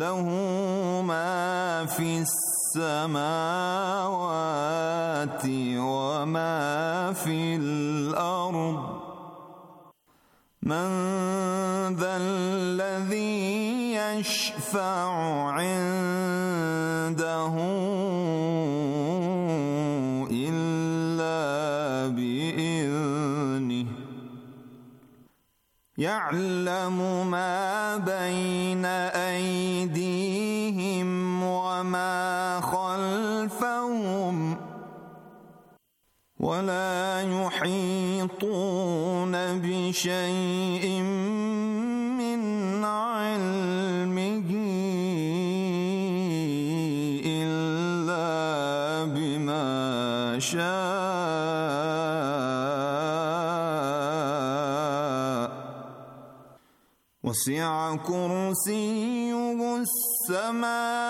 له ما في السماوات وما في الأرض من ذا الذي يشفع شيء من علمه إلا بما شاء وسع كرسيه السماء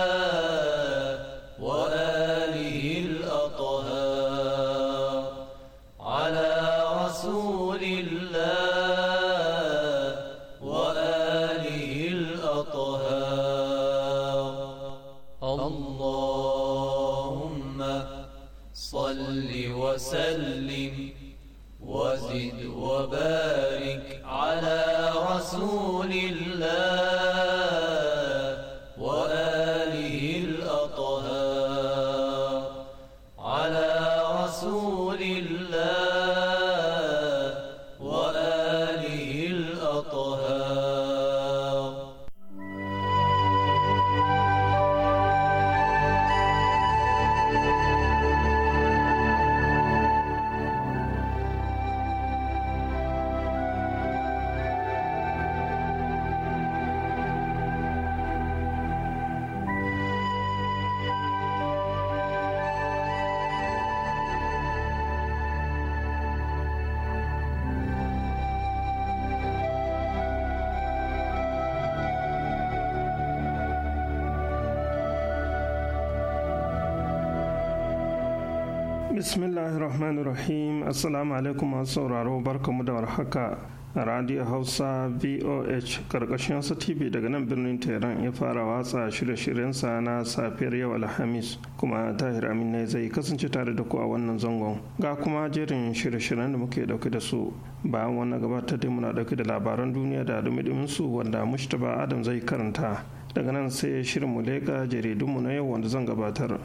masu sauraro barkamu da warhaka radio hausa voh karkashin hausa tv daga nan birnin tehran ya fara watsa shirye-shiryensa na safiyar yau alhamis kuma tahir amina zai kasance tare da ku a wannan zangon ga kuma jerin shirye-shiryen da muke dauke da su bayan wannan gabatar da muna dauke da labaran duniya da dumi su wanda mushtaba adam zai karanta daga nan sai shirin mu leƙa jaridunmu na yau wanda zan gabatar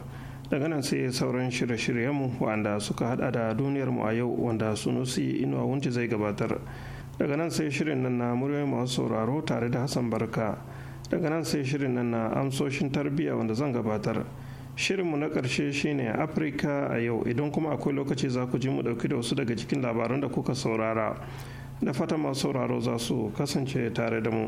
daga nan sai sauran shirye-shiryenmu wanda suka hada da duniyar mu a yau wanda sunusi inuwa wunci zai gabatar daga nan sai shirin nan na muryoyi masu sauraro tare da hassan barka daga nan sai shirin nan na amsoshin tarbiyya wanda zan gabatar shirinmu na ƙarshe shine afirka a yau idan kuma akwai lokaci za ku ji mu ɗauki da wasu daga cikin labaran da kuka saurara da fata masu sauraro za su kasance tare da mu.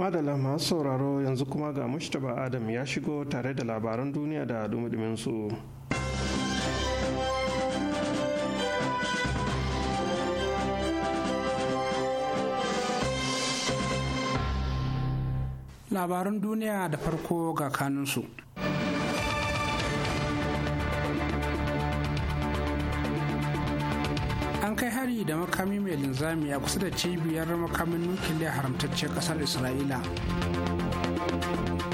madala masu sauraro yanzu kuma ga mushtaba adam ya shigo tare da labaran duniya da dumudumin su labaran duniya da farko ga kanunsu kai hari da makami mai linzami a kusa da cibiyar makamin nukiliya haramtacce kasar isra'ila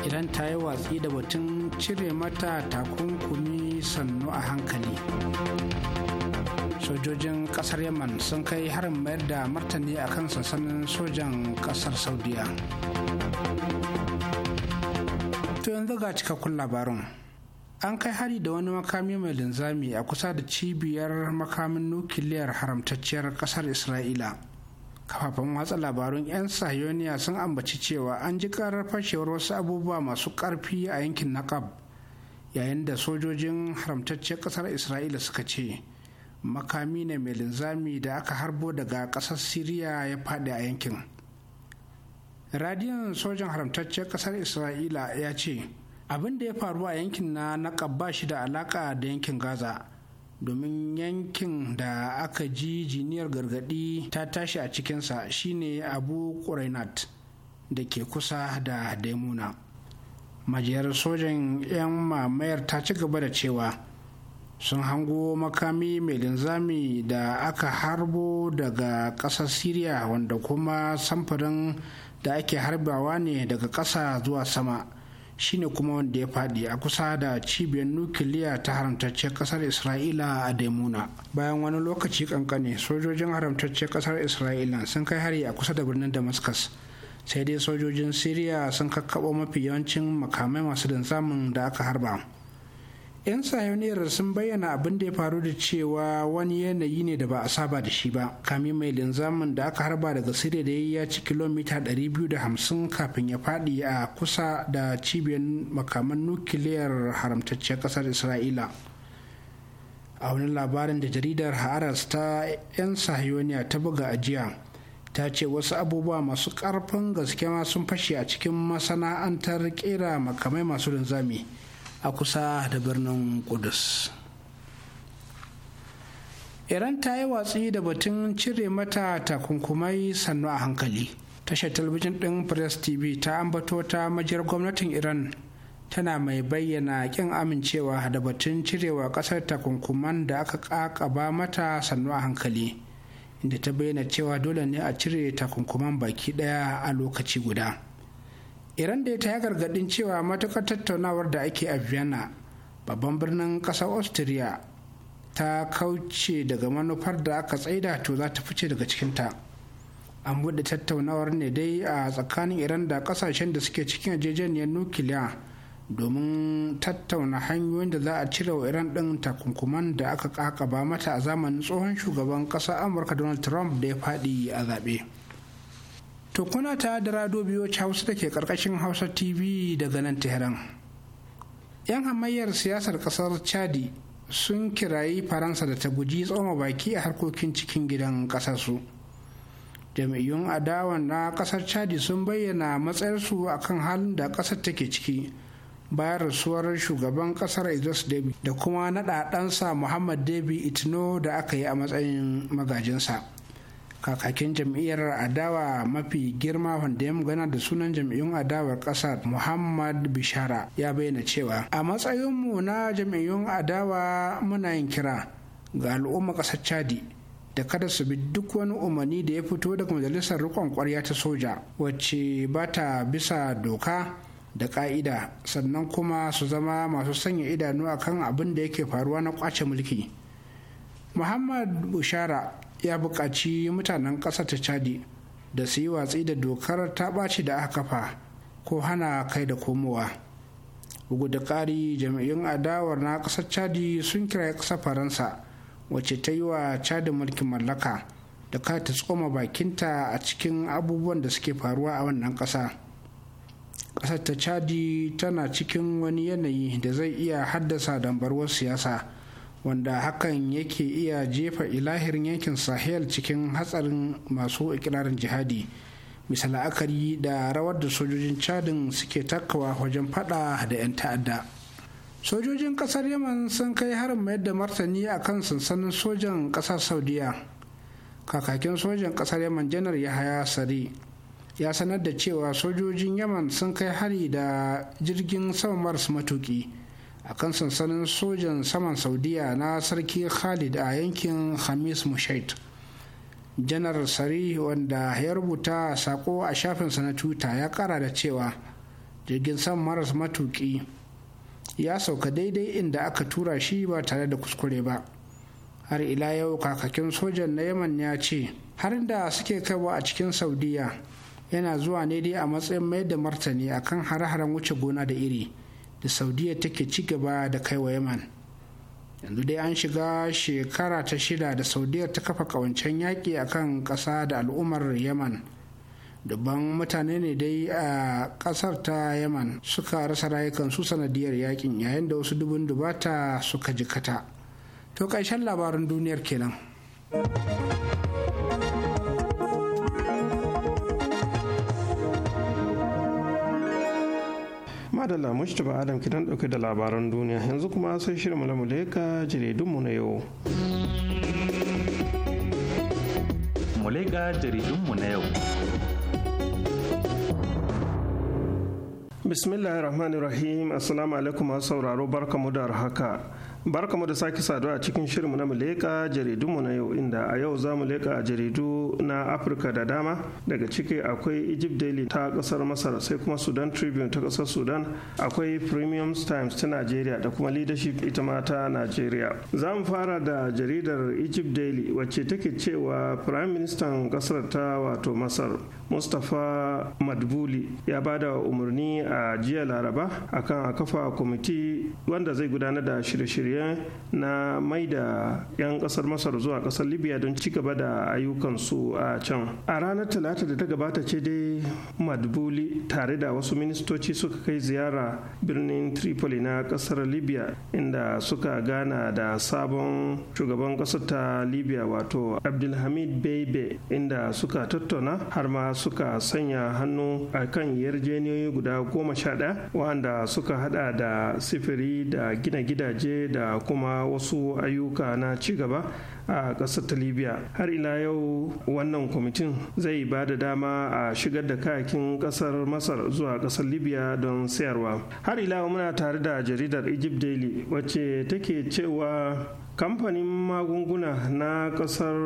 idan ta yi watsi da batun cire mata takunkumi sannu a hankali sojojin kasar yaman sun kai harin mayar da martani a kan sansanin sojan kasar saudiya to yanzu ga cikakkun labarin an kai hari da wani makami mai linzami a kusa da cibiyar makamin nukiliyar haramtacciyar kasar isra'ila kafafen watsa labarun 'yan sahiyoniya sun ambaci cewa an ji karar fashewar wasu abubuwa masu karfi a yankin naqab yayin da sojojin haramtacciyar kasar isra'ila suka ce makami ne mai linzami da aka harbo daga kasar siriya ya faɗi a yankin radiyon sojan haramtacciyar kasar isra'ila ya ce abin da ya faru a yankin na na ba shi da alaƙa da yankin gaza domin yankin da aka ji jiniyar gargadi ta tashi a cikinsa shine abu kurainat da ke kusa da daimuna majiyar sojan 'yan mamayar ta ci gaba da cewa sun hango makami mai linzami da aka harbo daga ƙasar Siriya wanda kuma samfurin da ake harbawa ne daga ƙasa zuwa sama shine kuma wanda ya faɗi a kusa da cibiyar nukiliya ta haramtacciyar ƙasar isra'ila a daimuna bayan wani lokaci kankane sojojin haramtacciyar ƙasar isra'ila sun kai hari a kusa da birnin damascus sai dai sojojin Siriya sun kakkaɓo mafi yawancin makamai masu da aka harba 'yan sayoniyar sun bayyana abin da ya faru da cewa wani yanayi ne da ba a saba da shi ba kami mai linzamin da aka harba daga sirya da ya ci kilomita 250 kafin ya fadi a kusa da cibiyar makaman nukiliyar haramtacciyar ƙasar isra'ila a wani labarin da jaridar haras ta 'yan sahiyoniya ta buga ajiya ta ce wasu abubuwa masu karfin gaske ma sun fashe a cikin masana'antar ƙera makamai masu linzami. a kusa da birnin Kudus. Iran ta yi watsi da batun cire mata takunkumai sannu a hankali. Tashar talabijin ɗin Press TV ta ambato ta majiyar gwamnatin Iran tana mai bayyana ƙin amincewa da batun cirewa ƙasar takunkuman da aka ƙaƙaba mata sannu a hankali. Inda ta bayyana cewa dole ne a cire takunkuman baki ɗaya a lokaci guda. iran da ta ya gargadin cewa matukar tattaunawar da ake a vienna babban birnin ƙasar austria ta kauce daga manufar da aka tsaida to za ta fice daga cikinta an buɗe tattaunawar ne dai a tsakanin iran da ƙasashen da suke cikin yarjejeniyar nukiliya domin tattauna hanyoyin da za a cire wa iran ɗin takunkuman da aka kakaba mata a zamanin tsohon shugaban ƙasar amurka donald trump da ya faɗi a zaɓe. To kuna ta da rado biyo Hausa da ke karkashin Hausa TV daga nan Tehran. 'Yan hamayyar siyasar kasar Chadi sun kirayi Faransa da ta guji tsoma baki a harkokin cikin gidan kasarsu. Jami'un adawan na kasar Chadi sun bayyana matsayarsu a kan halin da kasar take ciki bayan rasuwar shugaban kasar Idris Deby da kuma naɗa ɗansa Muhammad Deby Itno da aka yi a matsayin magajinsa. kakakin jam'iyyar adawa mafi girma wanda ya magana da sunan jam'iyyun adawar kasar muhammad bishara ya bayyana cewa a matsayinmu na jam'iyyun adawa muna yin kira ga al'umma ƙasar chadi da kada su bi duk wani umarni da ya fito daga majalisar rikon kwarya ta soja wacce ba ta bisa doka da ka'ida sannan kuma su zama masu sanya idanu akan abin da yake faruwa na kwace mulki muhammad bushara ya buƙaci mutanen ƙasa ta chadi da su yi watsi da dokar ta ɓaci da aka kafa ko hana kai da komowa bugu da ƙari jami'in adawar na ƙasar chadi sun kira ƙasa faransa wacce ta yi wa chadi mulkin mallaka da ka ta tsoma bakinta a cikin abubuwan da suke faruwa a wannan ƙasa ƙasar ta chadi tana cikin wani yanayi da zai iya haddasa dambarwar siyasa wanda hakan yake iya jefa ilahirin yankin sahel cikin hatsarin masu ikirarin jihadi misal la'akari da rawar da sojojin chadin suke takawa wajen fada da 'yan ta'adda sojojin kasar yaman sun kai harin mayar da martani a kan sansanin sojan kasar saudiya kakakin sojan kasar yaman janar yahaya Sare ya sanar da cewa sojojin yaman sun kai hari da jirgin sama maras matuki a kan sansanin sojan saman saudiya na sarki khalid a yankin hamis mushait janar sari wanda ya rubuta sako a shafinsa na twitter ya kara da cewa jirgin san maras matuki ya sauka daidai inda aka tura shi ba tare da kuskure ba har ila yau kakakin sojan na yaman ya ce har da suke kaiwa a cikin saudiya yana zuwa ne dai a matsayin mai da martani akan hare-haren wuce gona da iri da saudiya take ci gaba da kaiwa yaman yanzu dai an shiga shekara ta shida da saudiya ta kafa kawancen yaƙi a kan ƙasa da al'ummar yaman dubban mutane ne dai a ƙasar ta yaman suka rasa rayukansu sanadiyar yaƙin yayin da wasu dubun dubata suka jikata to ƙarshen labarin duniyar kenan. madalla mustapha adam kidan dauke da labaran duniya yanzu kuma sai shirin mulamu jaridunmu na yau jaridunmu na yau bismillahir rahmanir rahim assalamu alaikum masu sauraro barkamu da haka Barkamu da sake saduwa a cikin mu na muleka mu na yau inda a yau za mu leka jaridu na Afirka da dama daga ciki akwai Egypt Daily ta kasar Masar sai kuma Sudan Tribune ta kasar Sudan akwai Premium Times ta Nigeria, da kuma Leadership ita ma ta Najeriya. Za mu fara da jaridar Egypt Daily wacce take cewa Prime Minister kasar ta wato Masar Mustapha Madbuli ya bada umarni a jiya Laraba akan a kafa kwamiti wanda zai gudanar da shirye-shirye shirye na mai da 'yan kasar masar zuwa kasar libya don ci gaba da ayyukansu a can a ranar talata da ta gabata ce dai madbuli tare da wasu ministoci suka kai ziyara birnin tripoli na kasar libya inda suka gana da sabon shugaban kasar ta libya wato abdulhamid beibe inda suka tattauna har ma suka sanya hannu a kan yarjeniyoyi guda goma sha ɗaya wanda suka hada da sifiri da gina gidaje da da kuma wasu ayyuka na cigaba a ƙasar ta libya har ila yau wannan kwamitin zai ba da dama a shigar da kayakin ƙasar masar zuwa ƙasar libya don sayarwa har ila muna tare da jaridar egypt daily wacce take cewa kamfanin magunguna na kasar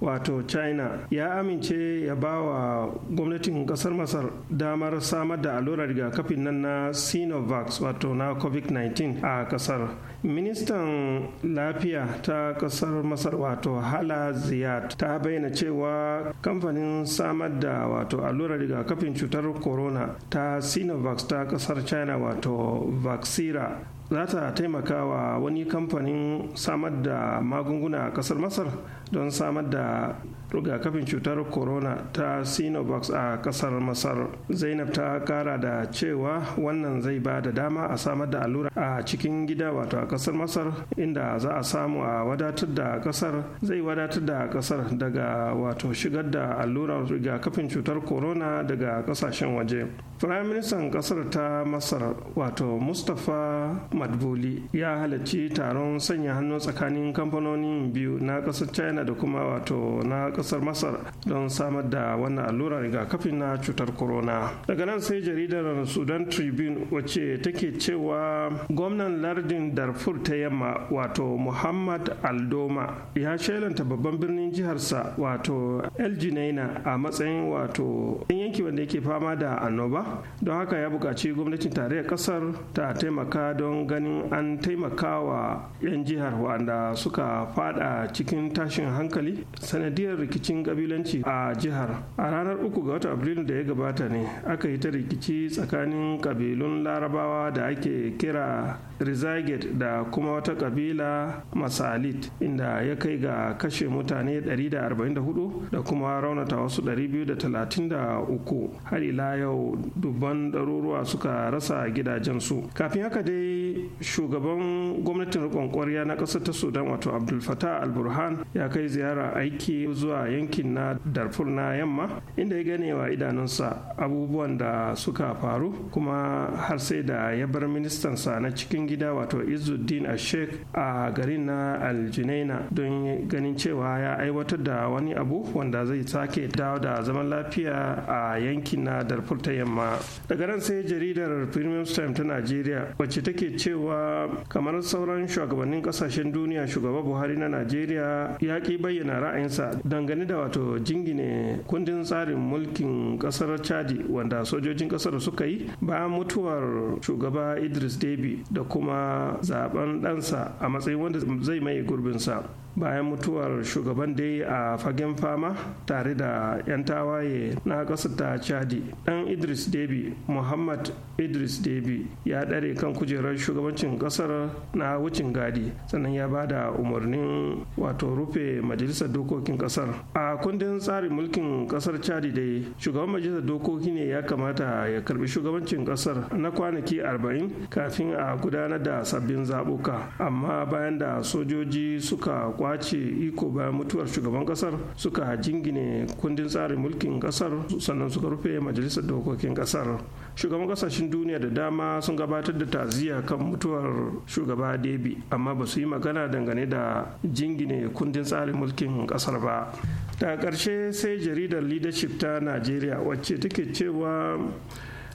wato china ya amince ya ba wa gwamnatin kasar masar damar samar da allurar rigakafin nan na sinovac wato na covid-19 a kasar ministan lafiya ta kasar masar wato hala ziyad ta bayyana cewa kamfanin samar da wato allurar rigakafin cutar corona ta sinovac ta kasar china wato vaxira za ta taimaka wa wani kamfanin samar da magunguna a kasar masar don samar da rigakafin cutar corona ta sinovac a kasar masar zainab ta kara da cewa wannan zai ba da dama a samar da allura a cikin gida wato a kasar masar inda za a samu a wadatar da kasar zai wadatar da kasar daga wato shigar da allurar rigakafin cutar corona daga kasashen waje firayim ministan kasar ta masar wato mustapha madbuli ya halarci taron sanya hannu tsakanin kamfanonin biyu na kasar china da kuma wato na kasar masar don samar da wannan allurar rigakafin na cutar corona daga nan sai jaridar sudan tribune wacce take cewa gwamnan lardin darfur ta yamma wato muhammad aldoma ya shelanta babban birnin jiharsa wato Elginaina, a matsayin wato yanki wanda yake fama da annoba don haka ya buƙaci gwamnatin tarayyar kasar ta taimaka don ganin an taimaka wa 'yan jihar wanda suka fada cikin tashin hankali sanadiyar rikicin kabilanci a jihar a ranar uku ga watan Afrilu da ya gabata ne aka yi ta rikici tsakanin kabilun larabawa da ake kira rizaget da kuma wata kabila masalit inda ya kai ga kashe mutane 144 da kuma raunata wasu 233 har ila yau dubban ɗaruruwa suka rasa gidajensu kafin haka dai shugaban gwamnatin riƙon ƙwarya na ƙasar ta sudan wato abdulfatah alburhan ya kai ziyara aiki zuwa zuwa yankin na darfur na yamma inda ya gane wa idanunsa abubuwan da suka faru kuma har sai da ya bar ministansa na cikin gida wato izuddin ashek a garin na aljunaina don ganin cewa ya aiwatar da wani abu wanda zai sake dawo da zaman lafiya a yankin na darfur ta yamma daga nan sai jaridar premium time ta najeriya wacce take cewa kamar sauran shugabannin kasashen duniya shugaba buhari na najeriya ya ki bayyana ra'ayinsa don dangane da wato jingine kundin tsarin mulkin kasar chadi wanda sojojin kasar suka yi bayan mutuwar shugaba idris debi da kuma zaben ɗansa a matsayin wanda zai mai gurbinsa bayan mutuwar shugaban dai a fagen fama tare da 'yan tawaye na ƙasar ta chadi dan idris debi muhammad idris debi ya ɗare kan kujerar shugabancin ƙasar na wucin gadi sannan ya ba da umarnin wato rufe majalisar dokokin ƙasar a kundin tsarin mulkin ƙasar chadi dai shugaban majalisar dokoki ne ya kamata ya karbi shugabancin ƙasar na kwanaki 40 kafin a gudanar da sabbin zaɓuka amma bayan da sojoji suka kwace iko bayan mutuwar shugaban kasar suka jingine kundin tsarin mulkin kasar sannan suka rufe majalisar dokokin kasar shugaban kasashen duniya da dama sun gabatar da taziya kan mutuwar shugaba debi amma ba su yi magana dangane da jingine kundin tsarin mulkin kasar ba daga ƙarshe sai jaridar leadership ta najeriya wacce take cewa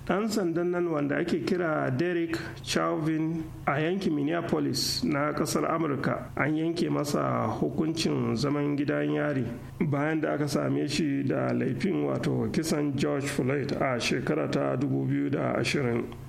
ɗan sandan nan wanda ake kira derek chauvin a yankin minneapolis na ƙasar amurka an yanke masa hukuncin zaman gidan yari bayan da aka same shi da laifin wato kisan george floyd a shekara ta 2020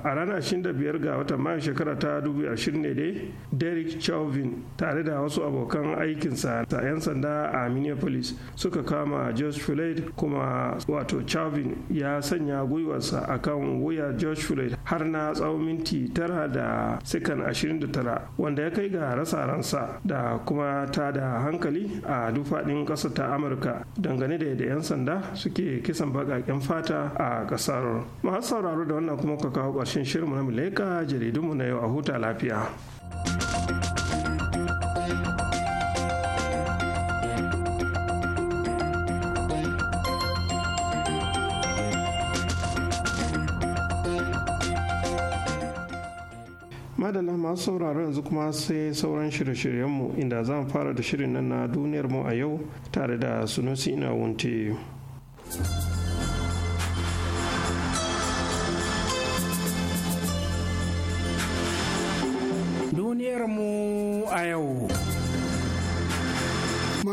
a ranar 25 ga watan mayu shekara ta 2020 ne dai derek chauvin tare da wasu abokan aikinsa ta 'yan sanda a minneapolis suka kama george floyd kuma wato chauvin ya sanya gwiwarsa akan sarƙan wuya george floyd har na tsawon minti tara da sikan 29 wanda ya kai ga rasa ransa da kuma ta da hankali a dufaɗin ƙasa ta amurka dangane da yadda 'yan sanda suke kisan baƙaƙen fata a ƙasar masu sauraro da wannan kuma ka kawo ƙarshen shirin na mileka jaridunmu na yau a huta lafiya. madalla masu sauraro yanzu kuma sai sauran shirye-shiryenmu inda zan fara da shirin nan na duniyar mu a yau tare da sunusi ina wunte duniyar mu a yau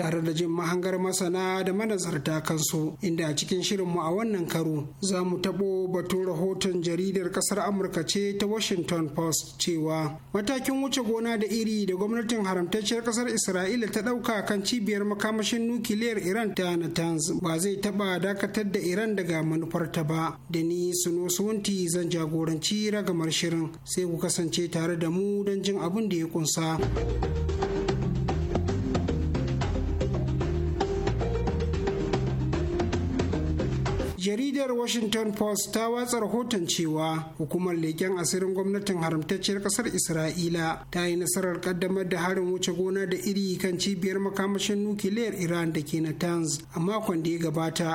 tare da jin mahangar masana da manazarta kansu inda a cikin shirinmu a wannan karo za mu taɓo batun rahoton jaridar ƙasar amurka ce ta washington post cewa matakin wuce gona da iri da gwamnatin haramtacciyar ƙasar isra'ila ta ɗauka kan cibiyar makamashin nukiliyar iran ta natanz ba zai taɓa dakatar da iran daga manufarta ba da ni suno suwanti zan jagoranci ragamar shirin sai ku kasance tare da mu don jin abin da ya kunsa. jaridar washington post ta watsa rahoton cewa hukumar leken asirin gwamnatin haramtacciyar kasar isra'ila ta yi nasarar kaddamar da harin wuce gona da iri kan cibiyar makamashin nukiliyar iran da ke natanz a makon da ya gabata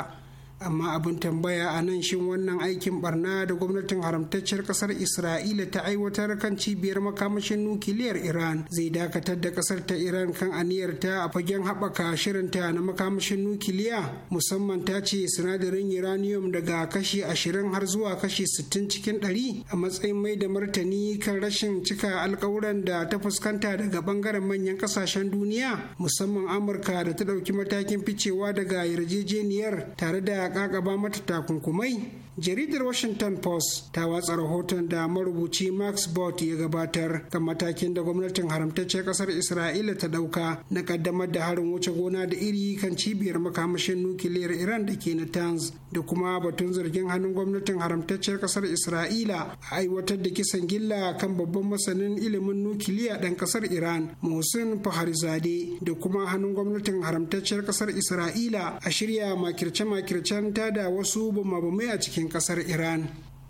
amma abin tambaya a nan shin wannan aikin barna da gwamnatin haramtacciyar kasar isra'ila ta aiwatar kan cibiyar makamashin nukiliyar iran zai dakatar da kasar ta iran kan aniyarta a fagen haɓaka shirinta na makamashin nukiliya musamman ta ce sinadarin uranium daga kashi ashirin har zuwa kashi sittin cikin ɗari a matsayin mai da martani kan rashin cika alkawuran da ta fuskanta daga bangaren manyan kasashen duniya musamman amurka da ta ɗauki matakin ficewa daga yarjejeniyar tare da ka ba mata takunkumai jaridar washington post ta watsa rahoton da marubuci max bot ya gabatar kan matakin da gwamnatin haramtaccen kasar isra'ila ta dauka na kaddamar da harin wuce gona da iri kan cibiyar makamashin nukiliyar iran da ke na natanz da kuma batun zargin hannun gwamnatin haramtaccen kasar isra'ila a aiwatar da kisan gilla kan babban masanin ilimin nukiliya ɗan kasar iran muhsin faharizade da kuma hannun gwamnatin haramtaccen kasar isra'ila a shirya makirce-makircen da wasu bumabumai a cikin kasar iran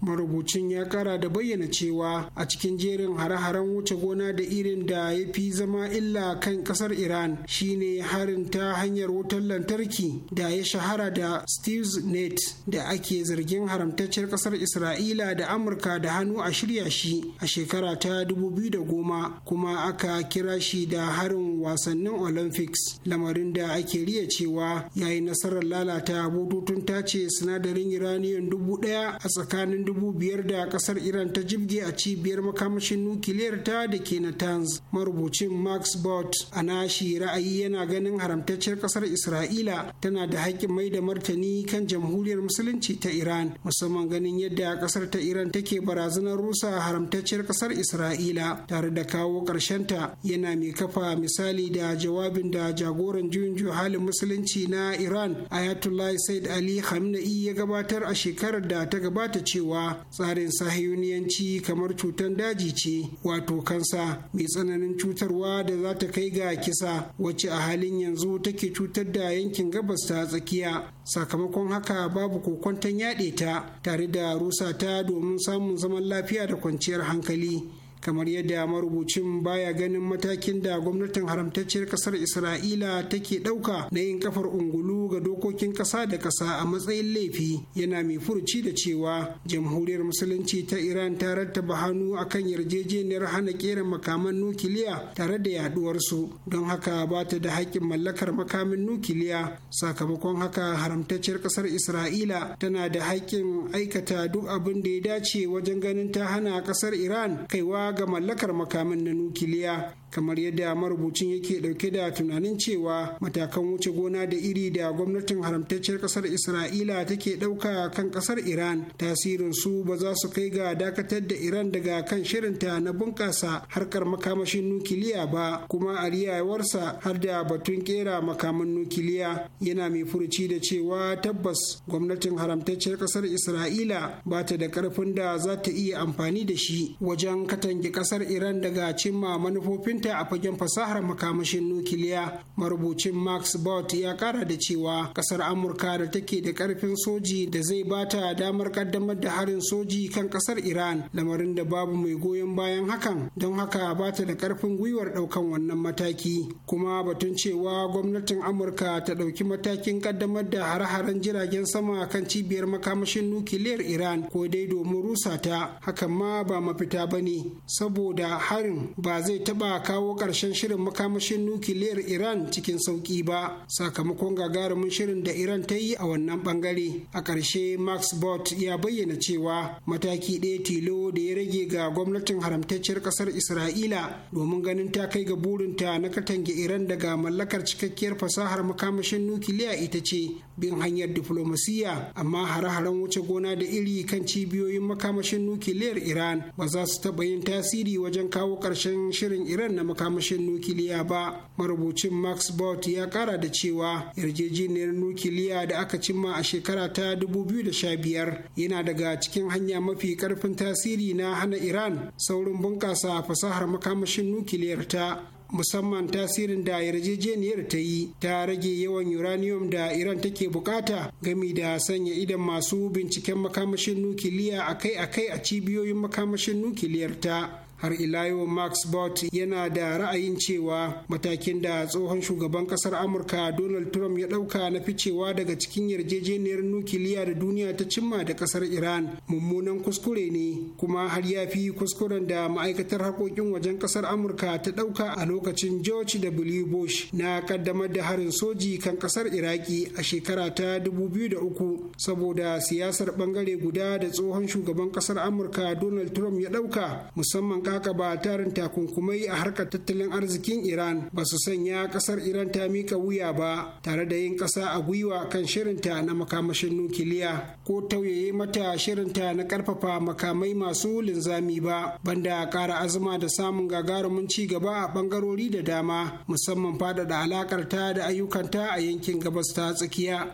marubucin ya kara da bayyana cewa a cikin jerin hare-haren wuce gona da irin da ya fi zama illa kan kasar iran shine harin ta hanyar wutar lantarki da ya shahara da steve's net da ake zargin haramtacciyar kasar isra'ila da amurka da hannu a shirya shi a shekara ta 2010 kuma aka kira shi da harin wasannin olympics lamarin da ake riya cewa yayi nasarar lalata bututun tace sinadarin iraniyan dubu daya a tsakanin dubu biyar da kasar iran ta jibge a cibiyar makamashin nukiliyar ta da ke natanz marubucin max bot a nashi ra'ayi yana ganin haramtacciyar kasar isra'ila tana da haƙƙin mai da martani kan jamhuriyar musulunci ta iran musamman ganin yadda kasar ta iran take barazanar rusa haramtacciyar kasar isra'ila tare da kawo ta yana mai kafa misali da jawabin da jagoran juyin halin musulunci na iran ayatollah said ali khamenei ya gabatar a shekarar da ta gabata cewa cewa tsarin sahiyuniyanci kamar cutar daji ce wato kansa mai tsananin cutarwa da za ta kai ga kisa wacce a halin yanzu take cutar da yankin gabas ta tsakiya sakamakon haka babu kokwanton yaɗe ta tare da rusa ta domin samun zaman lafiya da kwanciyar hankali kamar yadda marubucin baya ganin matakin da gwamnatin haramtacciyar kasar isra'ila take ɗauka na yin kafar ungulu ga dokokin ƙasa da ƙasa a matsayin laifi yana mai furuci da cewa jamhuriyar musulunci ta iran ta rattaba hannu a kan yarjejeniyar hana ƙera makaman nukiliya tare da yaduwarsu don haka ba ta da haƙƙin mallakar makamin nukiliya sakamakon haka haramtacciyar ƙasar isra'ila tana da haƙƙin aikata duk abin da ya dace wajen ganin ta hana ƙasar iran kaiwa ga mallakar makamin na nukiliya kamar yadda marubucin yake dauke da tunanin cewa matakan wuce gona da iri da gwamnatin haramtacciyar kasar isra'ila take dauka kan kasar iran tasirin su ba za su kai ga dakatar da iran daga kan shirinta na bunkasa harkar makamashin nukiliya ba kuma a har da batun kera makaman nukiliya yana mai furuci da cewa tabbas gwamnatin haramtacciyar kasar isra'ila ba ta da karfin da za ta iya amfani da shi wajen katange kasar iran daga cimma manufofin fitinta a fagen fasahar makamashin nukiliya marubucin max bot ya kara da cewa kasar amurka da take da karfin soji da zai bata damar kaddamar da harin soji kan kasar iran lamarin da babu mai goyon bayan hakan don haka bata da karfin gwiwar daukan wannan mataki kuma batun cewa gwamnatin amurka ta dauki matakin kaddamar da hare-haren jiragen sama kan cibiyar makamashin nukiliyar iran ko dai domin rusa ta hakan ma ba mafita bane saboda harin ba zai taba kawo ƙarshen shirin makamashin nukiliyar Iran cikin sauƙi ba sakamakon gagarumin shirin da Iran ta yi a wannan bangare. A ƙarshe Max Bot ya bayyana cewa mataki ɗaya tilo da ya rage ga gwamnatin haramtacciyar ƙasar Isra'ila domin ganin ta kai ga burinta na katange Iran daga mallakar cikakkiyar fasahar makamashin nukiliya ita ce bin hanyar diflomasiya amma hare-haren wuce gona da iri kan cibiyoyin makamashin nukiliyar Iran ba za su taɓa yin tasiri wajen kawo ƙarshen shirin Iran na makamashin nukiliya ba marubucin max bot ya kara da cewa yarjejeniyar nukiliya da aka cimma a shekara ta 2015 yana daga cikin hanya mafi karfin tasiri na hana iran saurin bunkasa fasahar makamashin nukiliyar ta musamman tasirin da yarjejeniyar ta yi ta rage yawan uranium da iran take bukata gami da sanya idan masu binciken makamashin nukiliya akai-akai a cibiyoyin makamashin nukiliyar ta har ila yau max bot yana da ra'ayin cewa matakin da tsohon shugaban kasar amurka donald trump ya dauka na ficewa daga cikin yarjejeniyar nukiliya da duniya ta cimma da kasar iran mummunan kuskure ne kuma har ya fi kuskuren da ma'aikatar harkokin wajen kasar amurka ta dauka a lokacin george w bush na kaddamar da harin soji kan kasar iraki a shekara ta 2003 saboda siyasar bangare guda da tsohon shugaban kasar amurka donald trump ya dauka musamman haka ba tarin takunkumai a harkar tattalin arzikin iran ba su sanya kasar iran ta mika wuya ba tare da yin kasa a gwiwa kan shirinta na makamashin nukiliya ko tauyaye mata shirinta na karfafa makamai masu linzami ba banda kara azuma da samun gagarumin ci gaba a bangarori da dama musamman faɗaɗa alakar ta da ayyukanta a yankin gabas ta tsakiya.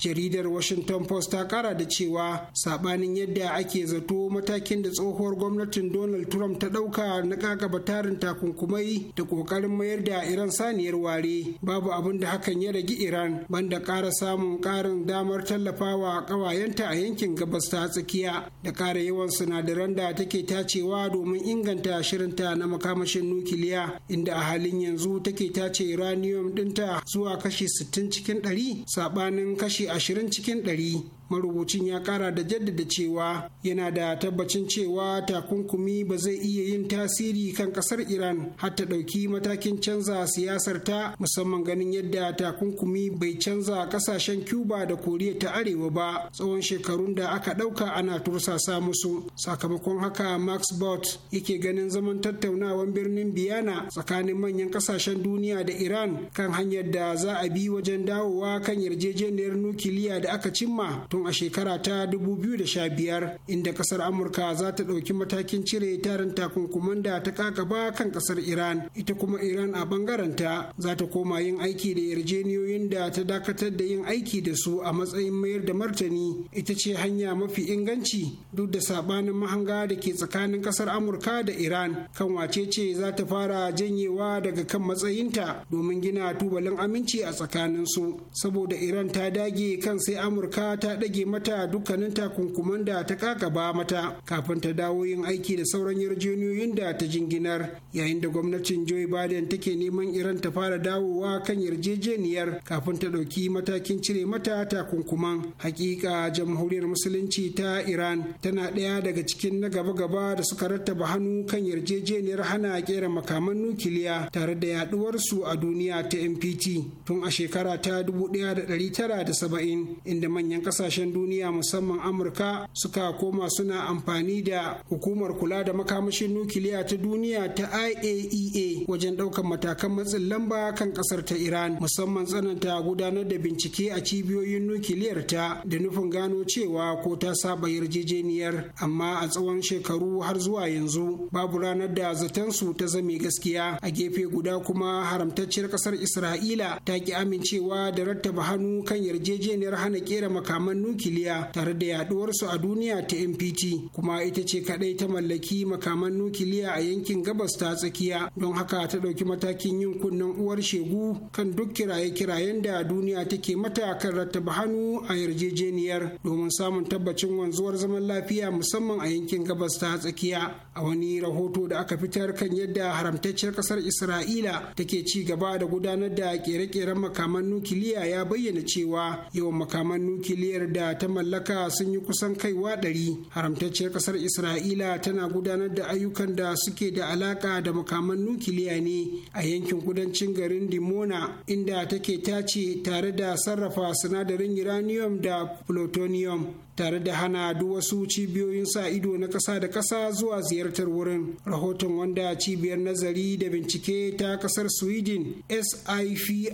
jaridar washington post ta kara da cewa sabanin yadda ake zato matakin da tsohuwar gwamnatin donald trump ta dauka na kakaba tarin takunkumai da kokarin mayar da iran saniyar ware babu abin da hakan ya ragi iran banda kara samun karin damar tallafawa kawayenta a yankin gabas ta tsakiya da kara yawan sinadaran da take tacewa domin inganta shirinta na makamashin nukiliya inda a halin yanzu take tace uranium dinta zuwa kashi 60 cikin 100 sabanin kashi ashirin cikin ɗari marubucin ya kara da jaddada cewa yana da tabbacin cewa takunkumi ba zai iya yin tasiri kan kasar iran hatta ta ɗauki matakin canza siyasar ta musamman ganin yadda takunkumi bai canza kasashen cuba da koriya ta arewa ba tsawon shekarun da aka ɗauka ana tursasa musu sakamakon haka max bot yake ganin zaman tattaunawan birnin biyana tsakanin manyan kasashen duniya da iran kan hanyar da za a bi wajen dawowa kan yarjejeniyar nukiliya da aka cimma tun a shekara ta 2015 inda kasar amurka za ta ɗauki matakin cire tarin takunkuman da ta kakaba kan kasar iran ita kuma iran a bangaranta za ta koma yin aiki da yarjeniyoyin da ta dakatar da yin aiki da su a matsayin mayar da martani ita ce hanya mafi inganci duk da sabanin mahanga da ke tsakanin kasar amurka da iran kan wace ce za ta fara janyewa daga kan matsayinta domin gina tubalin aminci a tsakanin su saboda iran ta dage kan sai amurka ta rage mata dukkanin takunkuman da ta kakaba mata kafin ta dawo yin aiki da sauran yarjejeniyoyin da ta jinginar yayin da gwamnatin Joe Biden take neman Iran ta fara dawowa kan yarjejeniyar kafin ta ɗauki matakin cire mata takunkuman hakika jamhuriyar musulunci ta Iran tana ɗaya daga cikin na gaba-gaba da suka rattaba hannu kan yarjejeniyar hana kera makaman nukiliya tare da yaduwarsu a duniya ta mpt tun a shekara ta da tara saba'in inda manyan kasashen kasashen duniya musamman amurka suka koma suna amfani da hukumar kula da makamashin nukiliya ta duniya ta iaea e wajen ɗaukar matakan matsin lamba kan ƙasar ta iran musamman tsananta gudanar da bincike a cibiyoyin nukiliyar ta da nufin gano cewa ko ta saba yarjejeniyar amma a tsawon shekaru har zuwa yanzu babu ranar da zaton su ta zame gaskiya a gefe guda kuma haramtacciyar ƙasar isra'ila ta ki amincewa da rattaba hannu kan yarjejeniyar hana kera makaman nukiliya tare da yaduwarsu a duniya ta NPT kuma ita ce kadai ta mallaki makaman nukiliya a yankin gabas ta tsakiya don haka ta dauki matakin yin kunnen uwar shegu kan duk kiraye-kirayen da duniya take mata kan rattaba hannu a yarjejeniyar domin samun tabbacin wanzuwar zaman lafiya musamman a yankin gabas ta tsakiya a wani rahoto da aka fitar kan yadda haramtacciyar kasar Isra'ila take ci gaba da gudanar da kere-keren makaman nukiliya ya bayyana cewa yawan makaman nukiliyar da ta mallaka sun yi kusan kaiwa ɗari haramtacciyar ƙasar isra'ila tana gudanar da ayyukan da suke da alaƙa da makaman nukiliya ne a yankin kudancin garin dimona inda take tace tare da sarrafa sinadarin uranium da plutonium tare da hana duk wasu cibiyoyin sa ido na ƙasa da ƙasa zuwa ziyartar wurin rahoton wanda cibiyar nazari da bincike ta ƙasar sweden sifri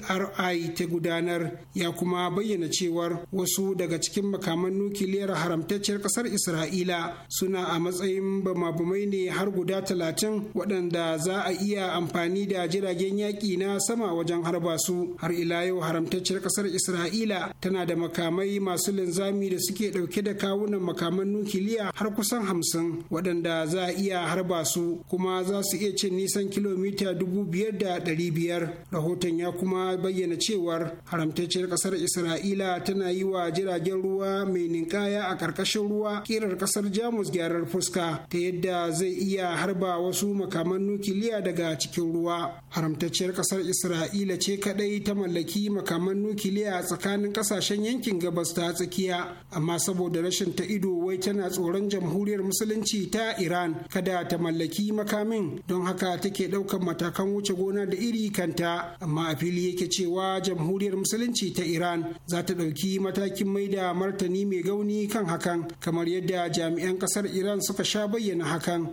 ta gudanar ya kuma bayyana cewar wasu daga cikin makaman nukiliyar haramtacciyar ƙasar isra'ila suna a matsayin bama ne har guda talatin waɗanda za a iya amfani da jiragen yaƙi na sama wajen harba su har ila yau haramtacciyar ƙasar isra'ila tana da makamai masu linzami da suke ɗauke ɗauke da kawunan makaman nukiliya har kusan hamsin waɗanda za a iya harba su kuma za su iya cin nisan kilomita dubu biyar da ɗari biyar rahoton ya kuma bayyana cewar haramtacciyar ƙasar isra'ila tana yi wa jiragen ruwa mai ninkaya a ƙarƙashin ruwa ƙirar ƙasar jamus gyarar fuska ta yadda zai iya harba wasu makaman nukiliya daga cikin ruwa haramtacciyar ƙasar isra'ila ce kaɗai ta mallaki makaman nukiliya tsakanin ƙasashen yankin gabas ta tsakiya amma saboda da rashin ta ido wai tana tsoron jamhuriyar musulunci ta Iran kada ta mallaki makamin don haka take ɗaukan matakan wuce gona da iri kanta amma a fili yake cewa jamhuriyar musulunci ta Iran za ta ɗauki matakin mai da martani mai gauni kan hakan kamar yadda jami'an ƙasar Iran suka sha bayyana hakan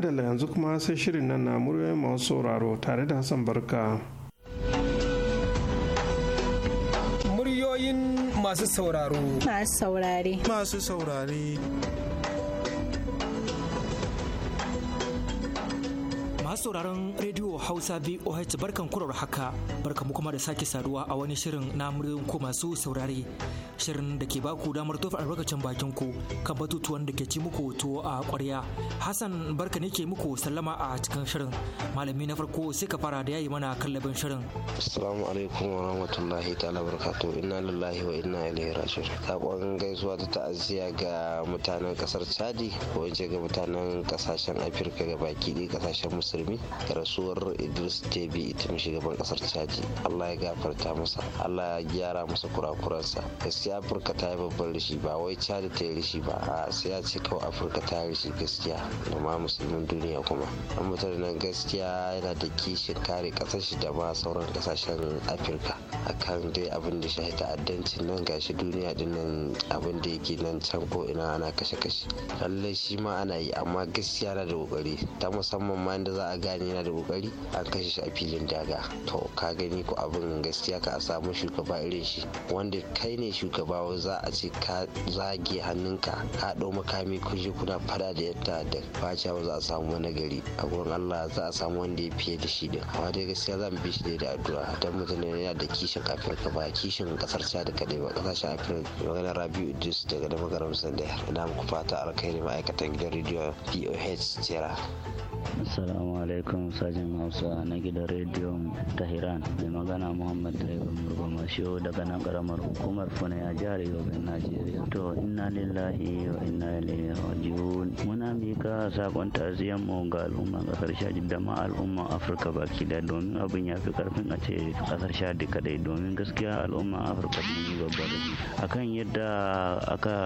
adala yanzu kuma sai shirin nan na muryoyin masu sauraro tare da hassan barka muryoyin masu sauraro masu saurare masu saurare sauraron Radio Hausa boh barkan kurar haka barka mu kuma da sake saduwa a wani shirin na muryoyin ku masu saurare shirin da ke baku damar tofa albarkacin bakin ku kan batutuwan da ke ci muku tuwo a kwarya Hassan barka ne ke muku sallama a cikin shirin malami na farko sai ka fara da yayi mana kallabin shirin. Assalamu alaikum wa rahmatullahi ta'ala barkatu inna lillahi wa inna ilaihi raji'un. sabon gaisuwa ta ta'aziyya ga mutanen kasar Chadi ko ga mutanen kasashen Afirka ga baki ɗaya kasashen musulmi musulmi rasuwar idris ita mai shugaban kasar caji allah ya gafarta masa allah ya gyara masa kurakuransa gaskiya afirka ta yi babban rishi ba wai caji ta yi rishi ba a sai ya ce kawai afirka ta yi rishi gaskiya da ma musulmin duniya kuma an mutar nan gaskiya yana da kishin kare kasar shi da ma sauran kasashen afirka akan dai abin da shahi ta'addancin nan gashi duniya din nan abin da yake nan can ko ina ana kashe-kashe lallai shi ma ana yi amma gaskiya na da kokari ta musamman ma inda za a gane yana da kokari an kashe shi a filin daga to ka gani ko abin gaskiya ka a samu shugaba irin shi wanda kai ne shugaba za a ce ka zage hannunka ka ɗau makami kunshi kuna fada da yadda da faca ba za a samu wani gari a gurin Allah za a samu wanda ya fiye da shi din amma dai gaskiya za mu bi shi da addu'a dan mutane yana da kishin Afirka ba kishin kasar da kadai ba kasashen Afirka magana Rabiu Idris daga da magaram sanda ina muku fata alkhairi ma'aikatan gidan rediyo POH Tera alaikum sajin hausa na gidan ta tahiran mai magana muhammad taibu murgoma shiyo daga nan karamar hukumar funa ya jihar yobin najeriya to inna lillahi wa inna ilaihi raji'un muna mika sakon tarziyan mu ga al'umma kasar shadi da ma al'umma afirka baki da domin abin ya fi karfin a ce kasar shadi kadai domin gaskiya al'umma afirka sun yi babbar akan yadda aka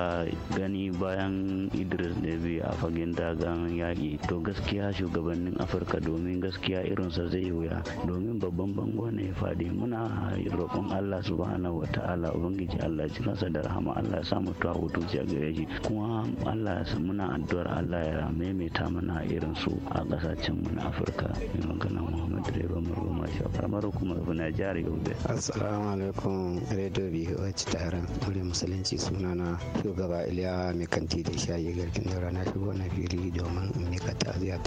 gani bayan idris biyu, a fagen dagan yaƙi to gaskiya shugabannin afirka haka domin gaskiya irinsa zai wuya domin babban bango ne ya faɗi muna roƙon Allah subhanahu wa ta'ala ubangiji Allah ji kansa da rahama Allah ya samu tuwa hutu a gare shi kuma Allah ya muna addu'ar Allah ya maimaita mana irin su a ƙasashen mu na Afirka mai magana Muhammad Direba ma shi a karamar hukumar na jihar yaube Assalamu alaikum Radio BH Taron Kure Musulunci sunana shugaba Iliya mai kanti da shayi garkin da rana shigo na fili domin in mika ta ga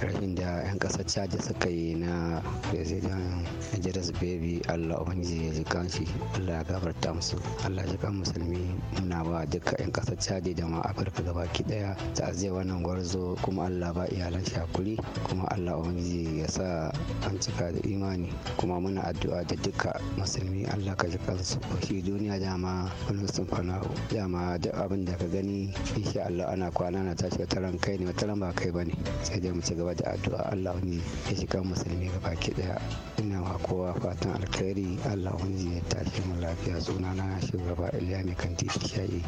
rashin da 'yan kasar caji suka yi na president idris baby allah ubangiji ya ji kanshi allah ya gafarta musu allah ya kan musulmi muna ba duka 'yan kasar caji da ma afirka gaba ki daya azai wannan gwarzo kuma allah ba iyalan shakuri kuma allah ubangiji ya sa an cika da imani kuma muna addu'a da duka musulmi allah ka ji kansu shi duniya dama kullum sun fana dama duk abin da ka gani insha allah ana kwana na tashi ta ran kai ne wata ran ba kai bane sai dai mu ci gaba da addu'a Allah ne ya shiga musulmi ga baki daya ina ma kowa fatan alkhairi Allah wani ya tashi mu lafiya suna na shugaba Iliya kan titi shayi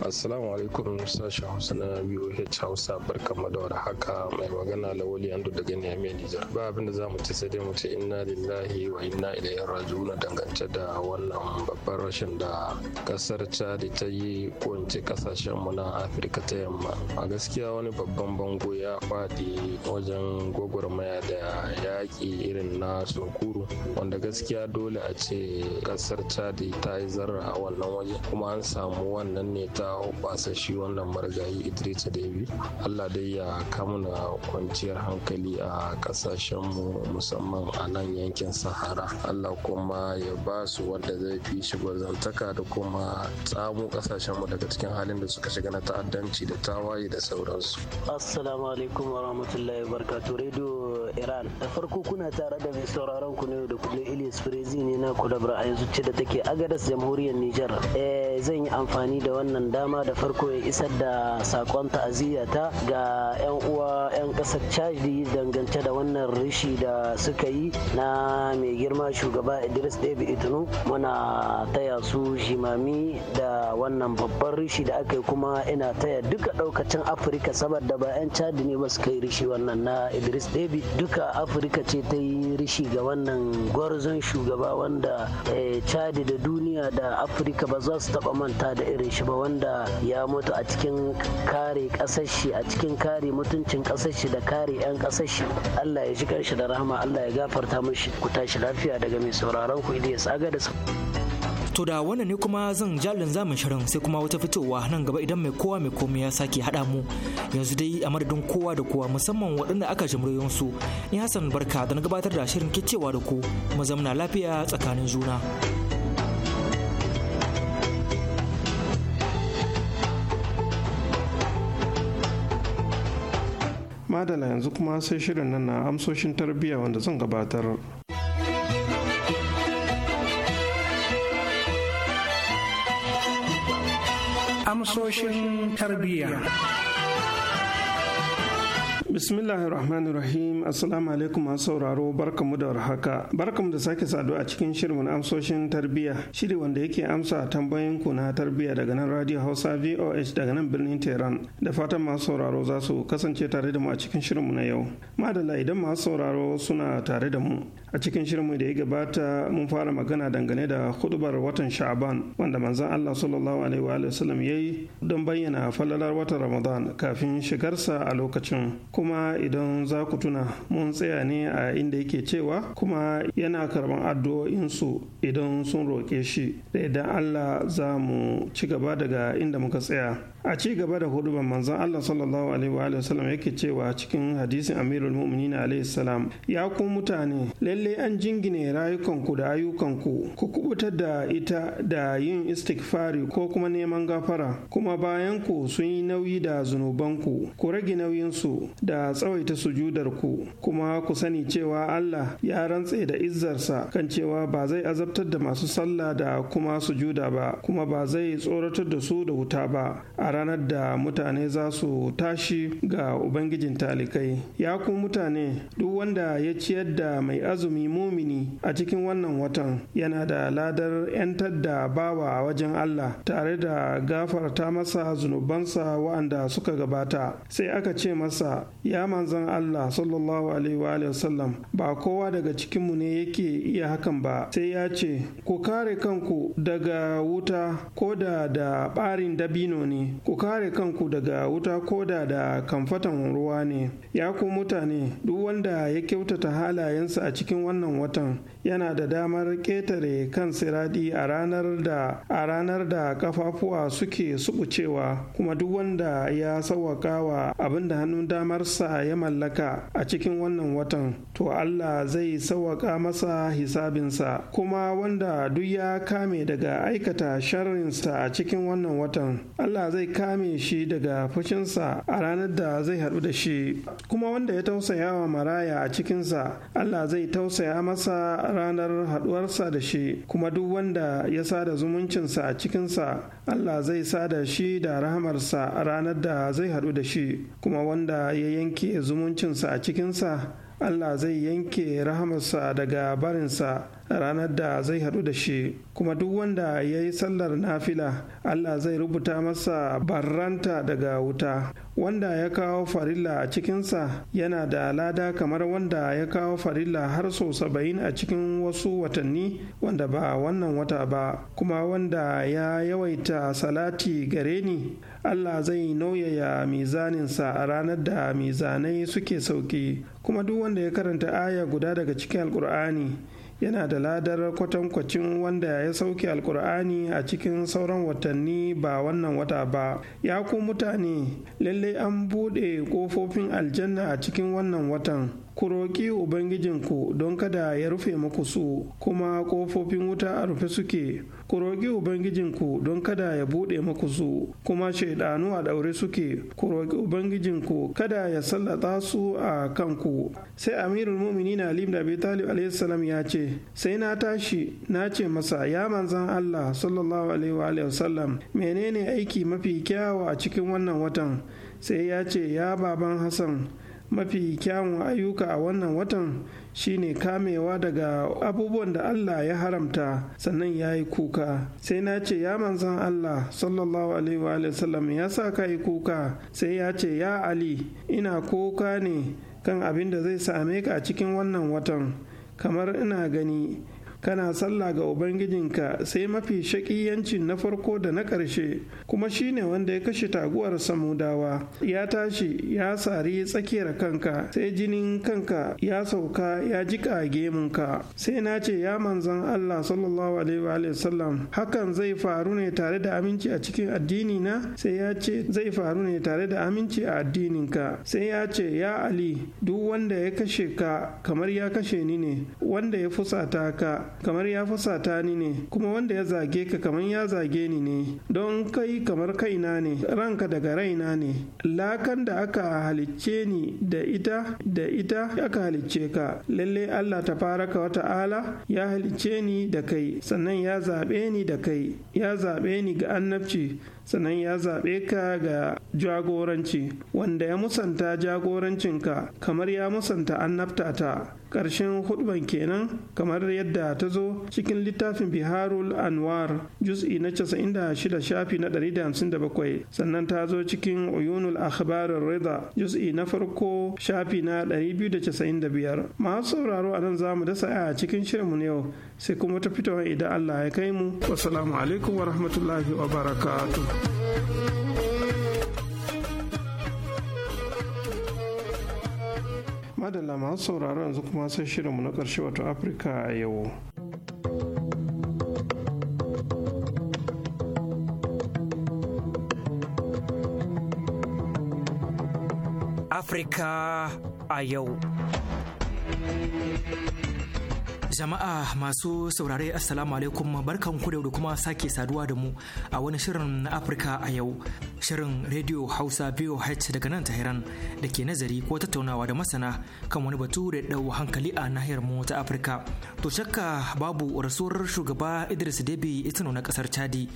assalamu alaikum sashen Hausa na h Hausa barkamu da warhaka mai magana Lawali Ando daga Niamey Nijar ba abin da mu ci sai dai mu ce inna lillahi wa inna ilaihi raji'un dangance da wannan babban rashin da kasar Chad ta yi ko kasashen mu na Afirka ta yamma a gaskiya wani babban bango ya faɗi wajen gwagwarmaya da yaƙi irin na sokuru wanda gaskiya dole a ce ƙasar chadi ta yi zarra a wannan waje kuma an samu wannan ne ta hubasa shi wannan marigayi idrisa debi allah dai ya na kwanciyar hankali a ƙasashenmu musamman a nan yankin sahara allah kuma ya ba su wanda zai fi shi gwarzantaka da kuma tsamo ƙasashenmu daga cikin halin da suka shiga na ta'addanci da tawaye da sauransu assalamu alaikum wa rahmatullahi wa radio iran da farko kuna tare da mai sauraron ku ne da kullum ilis firezi ne na kulabra a yanzu ce da take agadas jamhuriyar nijar eh, zan yi amfani da wannan dama da farko ya isar da sakon ta'aziyyata ga 'yan uwa 'yan kasar Chad dangance da wannan rishi da suka yi na mai girma shugaba idris debi itinu muna taya su shimami da wannan babban rishi da aka yi kuma ina taya duka daukacin afirka saboda ba 'yan Chad ne ba su kai rishi wannan na idris Chris david duka afirka ce ta yi rishi ga wannan gwarzon shugaba wanda eh, chadi da duniya da afirka ba za su taba manta da irin shi ba wanda ya mutu a cikin kare kasashe a cikin kare mutuncin kasashe da kare 'yan kasashe allah ya shi kanshi da rahama allah ya gafarta mashi ku tashi lafiya daga mai sauraron ku idris aga To da wannan ne kuma zan jalin zamin shirin sai kuma wata fitowa nan gaba idan mai kowa mai komai ya sake haɗa mu yanzu dai a madadin kowa da kowa musamman waɗanda aka jimriyon su ni Hassan Barka da na gabatar da shirin kicewa da ku mu lafiya tsakanin juna. Madala yanzu kuma sai shirin nan na amsoshin tarbiyya wanda zan gabatar. amsoshin tarbiyya. bismillahir rahmanir rahim assalamu alaikum masu sauraro barkamu da warhaka barkamu da sake saduwa a cikin shirin amsoshin tarbiyya shiri wanda yake amsa tambayoyin ku na tarbiyya daga nan radio hausa voh daga nan birnin tehran da fatan masu sauraro za su kasance tare da mu a cikin shirin na yau madala idan masu sauraro suna tare da mu a cikin shirinmu da ya gabata mun fara magana dangane da hudubar watan sha'aban wanda manzan allah sallallahu alaihi wa sallam ya don bayyana falalar watan ramadan kafin shigarsa a lokacin kuma idan za ku tuna mun tsaya ne a inda yake cewa kuma yana karban addu'o'insu idan sun roƙe shi da idan allah za mu ci gaba daga inda muka tsaya a ci gaba da ba manzon Allah sallallahu alaihi wa sallam yake cewa cikin hadisin Amirul Mu'minin alaihi salam ya ku mutane lalle an jingine rayukanku da ayyukanku ku kubutar da ita da yin istighfari ko kuma neman gafara kuma bayan ku sun yi nauyi da zunubanku ku rage nauyin su da tsawaita sujudar ku kuma ku sani cewa Allah ya rantse da izzarsa kan cewa ba zai azabtar da masu sallah da kuma sujuda ba kuma ba zai tsoratar da su da wuta ba ranar da mutane za su tashi ga ubangijin talikai ya ku mutane duk wanda ya ciyar da mai azumi mumini a cikin wannan watan yana da ladar 'yantar da bawa a wajen allah tare da gafarta masa zunubansa wa'anda suka gabata sai aka ce masa ya manzan allah sallallahu alaihi sallam ba kowa daga cikinmu ne yake iya hakan ba sai ya ce ku kare kanku daga wuta ko da da ɓarin dabino ne ku kare kanku daga wuta koda da kamfatan ruwa ne ya ku mutane duk wanda ya kyautata halayensa a cikin wannan watan yana da damar ƙetare kan siradi a ranar da a ranar da kafafuwa suke subucewa kuma duk wanda ya sawwaka wa abin da hannun damarsa ya mallaka a cikin wannan watan to Allah zai sawaƙa masa hisabinsa kuma wanda duk ya kame daga aikata sharrinsa a cikin wannan watan Allah zai kame shi daga fushinsa a ranar da zai haɗu da shi kuma wanda ya tausaya wa maraya a cikinsa Allah zai tausaya masa ranar haɗuwarsa da shi kuma duk wanda ya sada zumuncinsa a cikinsa Allah zai sada shi da rahamarsa a ranar da zai haɗu da shi kuma wanda ya yanke zumuncinsa a cikinsa Allah zai yanke rahamarsa daga barinsa ranar da zai haɗu da shi kuma duk wanda ya yi sallar nafila Allah zai rubuta masa barranta daga wuta wanda ya kawo farilla a cikinsa yana da lada kamar wanda ya kawo farilla har sau saba'in a cikin wasu watanni wanda ba wannan wata ba kuma wanda ya yawaita salati gare ni Allah zai nauyaya mizaninsa a ranar da mizanai suke sauki kuma duk wanda ya karanta aya guda daga cikin alkur'ani yana da ladar kwatankwacin wanda ya sauke alkur'ani a cikin sauran watanni ba wannan wata ba ya ku mutane lalle an buɗe ƙofofin aljanna a cikin wannan watan ku roƙi ubangijinku don kada ya rufe muku su kuma ƙofofin wuta a rufe suke ku roƙi ubangijinku don kada ya buɗe maku su kuma shaidanu a ɗaure suke ku roƙi ubangijinku kada ya sallata su a kanku sai amirul muminin ali da abi talib alaihissalam ya ce sai na tashi na ce masa ya manzan allah sallallahu alaihi wa sallam menene aiki mafi kyawu a cikin wannan watan sai ya ce ya baban hassan mafi kyawun ayyuka a wannan watan shine kamewa daga abubuwan da Allah ya haramta sannan ya yi kuka sai na ce ya manzan Allah sallallahu alaihi wa sallam ya sa ka yi kuka sai ya ce ya Ali ina kuka ne kan abin da zai same ka a cikin wannan watan kamar ina gani kana sallah ga ubangijinka sai mafi shaƙiyancin na farko da na ƙarshe kuma shine wanda ya kashe taguwar samudawa ya tashi ya sari tsakiyar kanka sai jinin kanka ya sauka ya jiƙa gemunka sai na ce ya manzan allah sallallahu alaihi wa sallam hakan zai faru ne tare da aminci a cikin addini na sai ya ce zai faru ne tare da aminci a addininka sai ya ce ya ali duk wanda ya kashe ka kamar ya kashe ni ne wanda ya fusata ka kamar ya fusata ni ne kuma wanda ya zage ka kamar ya zage ni ne don kai kamar kaina ne ranka daga raina ne lakan da aka halicce ni da ita da ita aka halicce ka lalle Allah ta ka wata wata'ala ya halicce ni da kai sannan ya zaɓe ni da kai ya zaɓe ni ga annabci sannan ya zaɓe ka ga jagoranci wanda ya musanta jagorancinka kamar ya musanta annabta ta ƙarshen hudban kenan kamar yadda ta zo cikin littafin biharul anwar juz'i na 96 shafi na 157 sannan ta zo cikin uyunul akhbarin rida juz'i na farko shafi na 295 masu sauraro a nan zamu mu dasa a cikin shirinmu na yau sai kuma ta fitowa idan allah ya kai mu wasu alaikum wa rahmatullahi wa barakatuh madalla masu sauraro yanzu kuma sai shirinmu na ƙarshe wato afirka a yau afirka a yau Jama'a masu saurare Assalamu alaikum barkan ku da kuma sake saduwa da mu a wani shirin na Afirka a yau. Shirin Radio Hausa VOH daga nan Tahiran da ke nazari ko tattaunawa da masana kan wani batu da dau hankali a nahiyar mu ta Afirka. To shakka babu rasuwar shugaba Idris Debi Itno na kasar Chadi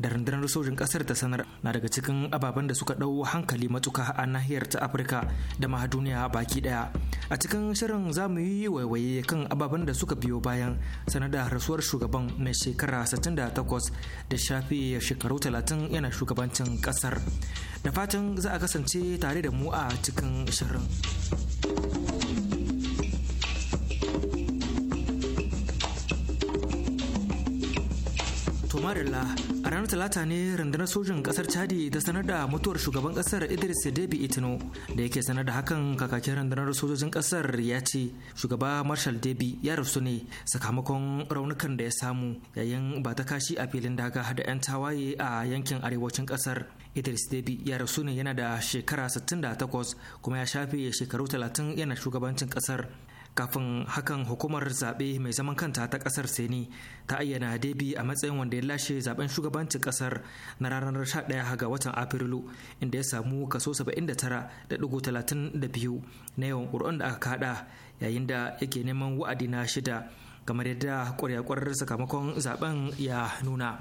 da rundunar sojin kasar ta sanar na daga cikin ababen da suka dau hankali matuka a nahiyar ta Afirka da ma duniya baki ɗaya. A cikin shirin za mu yi waiwaye kan ababen da suka biyo bayan sanada rasuwar shugaban mai shekara 68 da shafi shekaru 30 yana shugabancin kasar da fatan za a kasance tare da mu a cikin shirin. Marilla a ranar Talata ne rundunar sojin kasar Chadi ta sanar da mutuwar shugaban kasar Idris debi Itno da yake sanar da hakan kakakin rundunar sojojin kasar ya ce shugaba Marshal Debi ya rasu ne sakamakon raunukan da ya samu yayin ba ta kashi a filin daga da 'yan tawaye a yankin arewacin kasar. Idris Debi ya rasu ne yana da shekara 68 kuma ya shafe shekaru 30 yana shugabancin kasar. kafin hakan hukumar zaɓe mai zaman kanta ta ƙasar seni ta ayyana debi a matsayin wanda ya lashe zaben shugabancin ƙasar na ranar 11 ga watan afrilu inda ya samu kaso 79.32 na yawan ƙuri'un da aka kada yayin da yake neman wa'adi na shida kamar yadda ƙwarya kwarar sakamakon zaben ya nuna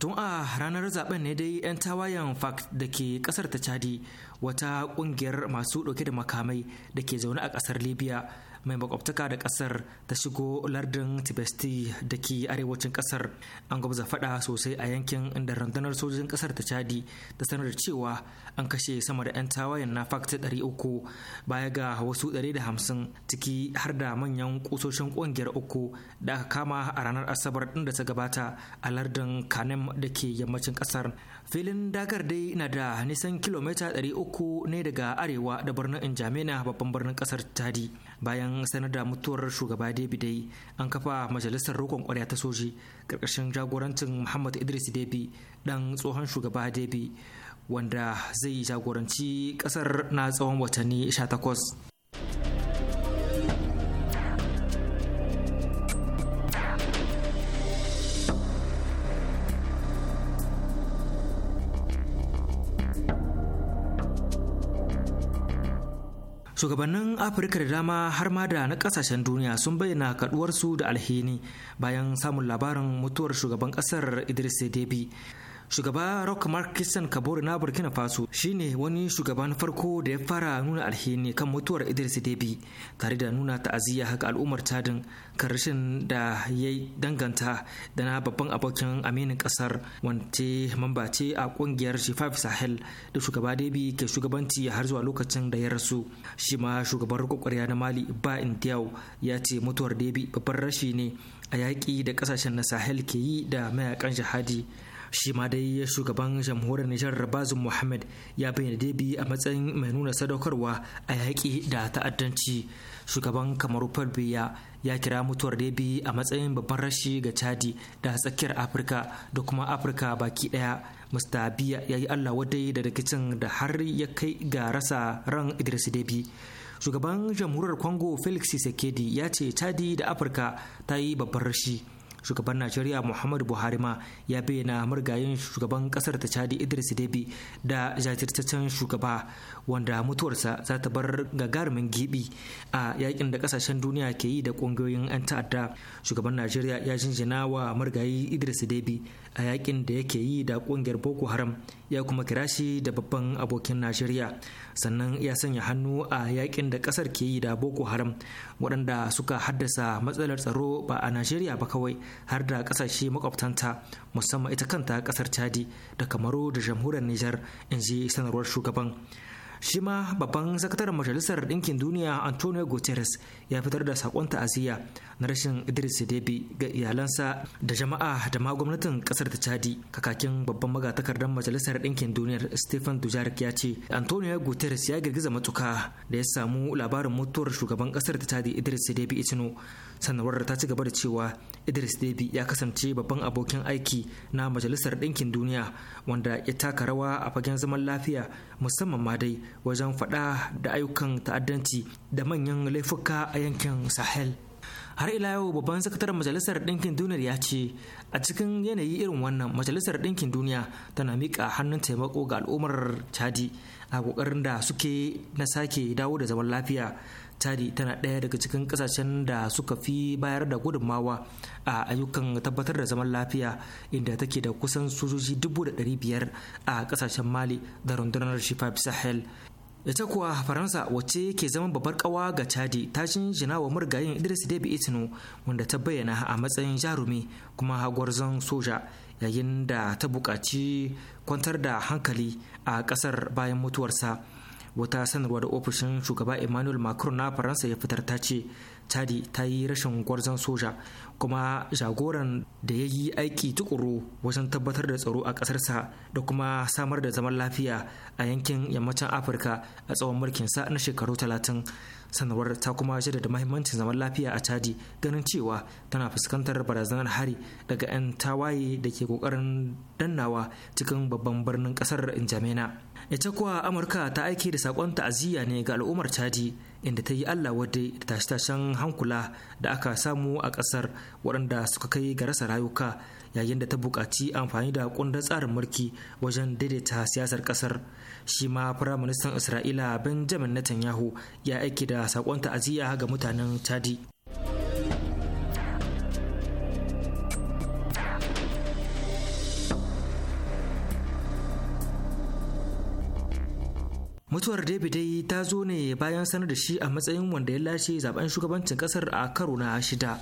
tun a ranar zaben ne dai 'yan tawayen fact da ke kasar ta chadi wata kungiyar masu dauke da makamai da ke zaune a kasar libya mai makwabtaka da kasar ta shigo lardin tibesti da ke arewacin kasar an gwabza fada sosai a yankin inda rundunar sojojin kasar ta chadi ta sanar da cewa an kashe sama da 'yan tawayen na fakta 300 baya ga wasu da hamsin ciki har da manyan kusoshin kungiyar uku da aka kama a ranar asabar din da ta gabata a lardin kanem da ke yammacin kasar filin dakar dai na da nisan kilomita 300 ne daga arewa da birnin injamina babban birnin kasar tadi bayan sanar da mutuwar shugaba debi dai an kafa majalisar rokon kwarya ta soji ƙarƙashin jagorancin muhammad idris debi ɗan tsohon shugaba debi wanda zai jagoranci ƙasar na tsawon watanni 18 shugabannin afirka da dama har ma da na kasashen duniya sun bayyana kaduwarsu da alhini bayan samun labarin mutuwar shugaban kasar idris debi shugaba rock mark kisan kabori na burkina faso shine wani shugaban farko da ya fara nuna alheri kan mutuwar idris debi tare da nuna ta'aziyya haka al'ummar tadin kan rashin da ya danganta da na babban abokin aminin kasar wante mambace a kungiyar shifaf sahel da shugaba debi ke shugabanci har zuwa lokacin da ya rasu shi ma shugaban rikon na mali ba indiyau ya ce mutuwar debi babban rashi ne a yaƙi da ƙasashen na sahel ke yi da mayakan jihadi shi ma dai shugaban jamhuriyar nijar bazum muhammad ya bayyana debi a matsayin mai nuna sadaukarwa a yaƙi da ta'addanci shugaban kamaru biya ya kira mutuwar debi a matsayin babban rashi ga chadi da tsakiyar afirka da kuma afirka baki daya mr biya ya yi allah wadai da rikicin da har ya kai ga rasa ran idris debi shugaban jamhuriyar congo felix sekedi ya ce chadi da afirka ta yi babban rashi shugaban najeriya muhammadu buhari ma ya bayyana murgayen shugaban kasar ta chadi idris debi da jajirtaccen shugaba wanda mutuwarsa za ta bar gagarumin gibi a yakin da kasashen duniya ke yi da kungiyoyin 'yan ta'adda shugaban najeriya ya jinjina wa marigayi idris debi a yakin da yake yi da kungiyar boko haram ya kuma kira shi da babban abokin najeriya sannan ya sanya hannu a yakin da kasar ke yi da boko haram waɗanda suka haddasa matsalar tsaro ba a najeriya ba kawai har da kasashe makwabtanta musamman ita kanta kasar chadi da kamaru da jamhuriyar nijar in ji sanarwar shugaban shi ma babban sakataren majalisar ɗinkin duniya antonio guterres ya fitar da sakon ta'aziyya na rashin idris debi ga iyalansa da jama'a da ma gwamnatin kasar ta chadi kakakin babban magatakardar majalisar ɗinkin duniya stephen dujarik ya ce antonio guterres ya girgiza matuka da ya samu labarin mutuwar shugaban kasar ta chadi idris debi itino sanarwar ta ci gaba da cewa idris debi ya kasance babban abokin aiki na majalisar ɗinkin duniya wanda ya taka rawa a fagen zaman lafiya musamman ma dai wajen faɗa da ayyukan ta'addanci da manyan laifuka a yankin sahel har ila yau babban sakataren majalisar ɗinkin duniyar ya ce a cikin yanayi irin wannan majalisar ɗinkin duniya tana miƙa hannun taimako ga al'ummar chadi a ƙoƙarin da suke na sake dawo da zaman lafiya chadi tana ɗaya daga cikin ƙasashen da suka fi bayar da gudummawa a ayyukan tabbatar da zaman lafiya inda take da kusan sojoji dubu da biyar a ƙasashen mali da rundunar shifab sahel ita kuwa faransa wacce ke zama babbar kawa ga chadi ta shinjina wa murgayin idris debi itno wanda ta bayyana a matsayin jarumi kuma hagwarzon soja yayin da ta buƙaci kwantar da hankali a ƙasar bayan mutuwarsa wata sanarwa da ofishin shugaba emmanuel macron na faransa ya fitar ta ce chadi ta yi rashin gwarzon soja kuma jagoran da ya yi aiki tukuru wajen tabbatar da tsaro a ƙasarsa da kuma samar da zaman lafiya a yankin yammacin afirka a tsawon mulkin sa na shekaru talatin sanarwar ta kuma jaddada mahimmancin zaman lafiya a chadi ganin cewa tana fuskantar barazanar hari daga 'yan tawaye da ke kokarin dannawa cikin babban birnin kasar injamena ita kuwa amurka ta aiki da sakon ta'aziyya ne ga al'ummar chadi inda ta yi allah wadda da tashe-tashen hankula da aka samu a kasar waɗanda suka kai ga rasa rayuka yayin da ta buƙaci amfani da kundin tsarin mulki wajen daidaita siyasar kasar shi ma firaministan isra'ila benjamin netanyahu ya aiki da sakon ta'aziyya ga mutanen chadi mutuwar david dai ta zo ne bayan sanar da shi a matsayin wanda ya lashe zaben shugabancin kasar a karo na shida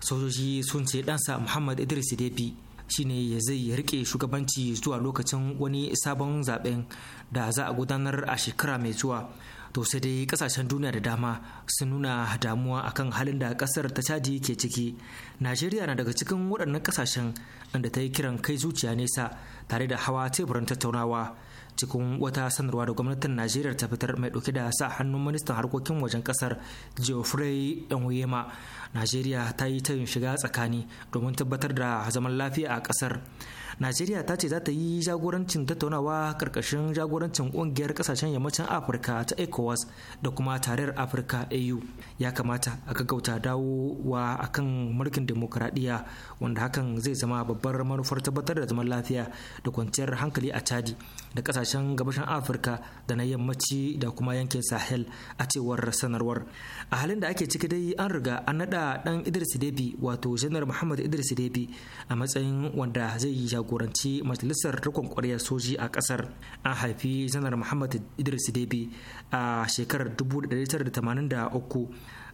sojoji sun ce ɗansa muhammad idris debi shine zai rike shugabanci zuwa lokacin wani sabon zaben da za a gudanar a shekara mai zuwa to sai dai kasashen duniya da dama sun nuna damuwa akan halin da kasar ta caji ke ciki najeriya na daga cikin waɗannan kasashen inda ta yi kiran kai zuciya nesa tare da hawa teburin tattaunawa cikin wata sanarwa da gwamnatin najeriya ta fitar mai dauke da sa hannun ministan harkokin wajen kasar geoffrey enwema najeriya ta yi tayin shiga tsakani domin tabbatar da zaman lafiya a kasar najeriya ta ce za ta yi jagorancin tattaunawa karkashin jagorancin kungiyar kasashen yammacin afirka ta ecowas da kuma tarayyar afirka au ya kamata a gaggauta wa akan mulkin demokradiyya wanda hakan zai zama babbar manufar tabbatar da zaman lafiya da kwanciyar hankali a chadi da kasashen gabashin afirka da na yammaci da kuma yankin sahel a cewar sanarwar a halin da ake ciki dai an riga an naɗa ɗan idris debi wato janar muhammad idris debi a matsayin wanda zai yi jagoranci jagoranci majalisar rikon kwaryar soji a kasar an haifi janar muhammad idris debi a shekarar 1983